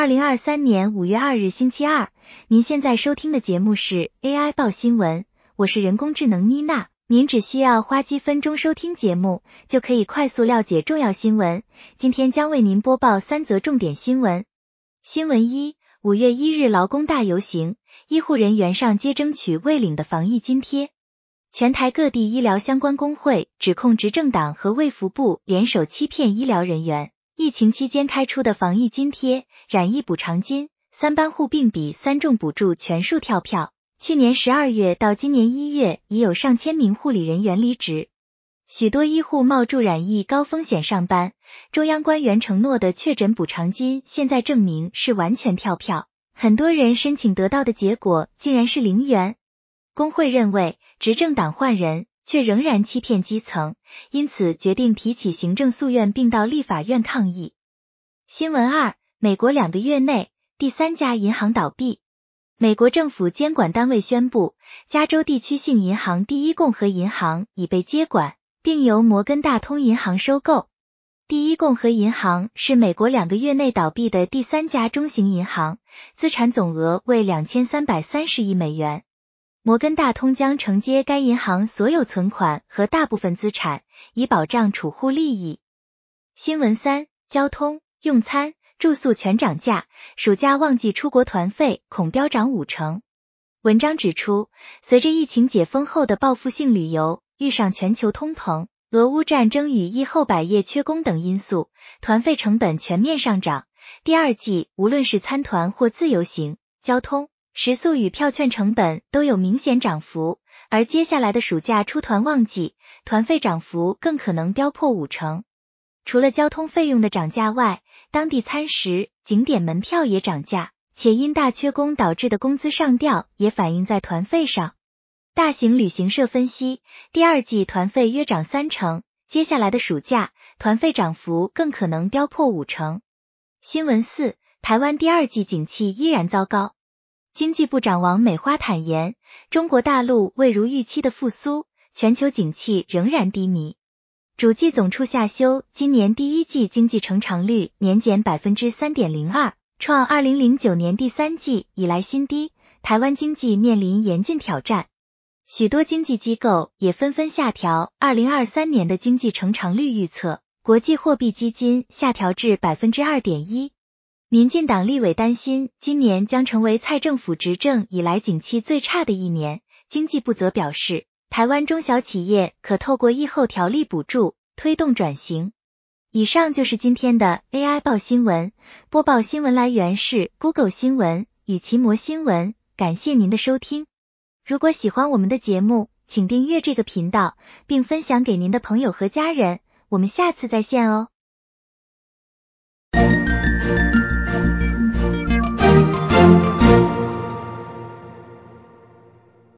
二零二三年五月二日星期二，您現在收聽的節目是 AI 報新聞，我是人工智能妮娜。您只需要花幾分鐘收聽節目，就可以快速了解重要新聞。今天將為您播報三則重點新聞。新聞一：五月一日勞工大遊行，醫護人員上街爭取未領的防疫津貼，全台各地醫療相關工會指控執政黨和衛福部聯手欺騙醫療人員。疫情期間開出的防疫津貼、染疫補償金、三班護病比三重補助全數跳票。去年十二月到今年一月，已有上千名護理人員離職，許多醫護冒著染疫高風險上班。中央官員承諾的確診補償金，現在證明是完全跳票，很多人申請得到的結果竟然是零元。工會認為，執政黨換人，卻仍然欺騙基層，因此決定提起行政訴願，並到立法院抗議。新聞二：美國兩個月內第三家銀行倒閉。美國政府監管單位宣布，加州地區性銀行第一共和銀行已被接管，並由摩根大通銀行收購。第一共和銀行是美國兩個月內倒閉的第三家中型銀行，資產總額為兩千三百三十億美元。摩根大通將承接該銀行所有存款和大部分資產，以保障儲戶利益。新聞三：交通、用餐、住宿全漲價，暑假旺季出國團費恐飆漲五成。文章指出，隨着疫情解封後的報復性旅遊遇上全球通膨、俄烏戰爭與疫後百業缺工等因素，團費成本全面上漲。第二季無論是參團或自由行，交通。食宿與票券成本都有明顯漲幅，而接下來的暑假出團旺季，團費漲幅更可能飆破五成。除了交通費用的漲價外，當地餐食、景點門票也漲價，且因大缺工導致的工資上調也反映在團費上。大型旅行社分析，第二季團費約漲三成，接下來的暑假團費漲幅更可能飆破五成。新聞四，台灣第二季景氣依然糟糕。經濟部長王美花坦言，中國大陸未如預期的復甦，全球景氣仍然低迷。主計總處下修今年第一季經濟成長率年減百分之三點零二，創二零零九年第三季以來新低。台灣經濟面臨嚴峻挑戰，許多經濟機構也紛紛下調二零二三年的經濟成長率預測。國際貨幣基金下調至百分之二點一。民進黨立委擔心，今年將成為蔡政府執政以來景氣最差的一年。經濟部則表示，台灣中小企業可透過疫後條例補助，推動轉型。以上就是今天的 AI 報新聞。播報新聞來源是 Google 新聞與奇摩新聞。感謝您的收聽。如果喜歡我們的節目，請訂閱這個頻道，並分享給您的朋友和家人。我們下次再見哦。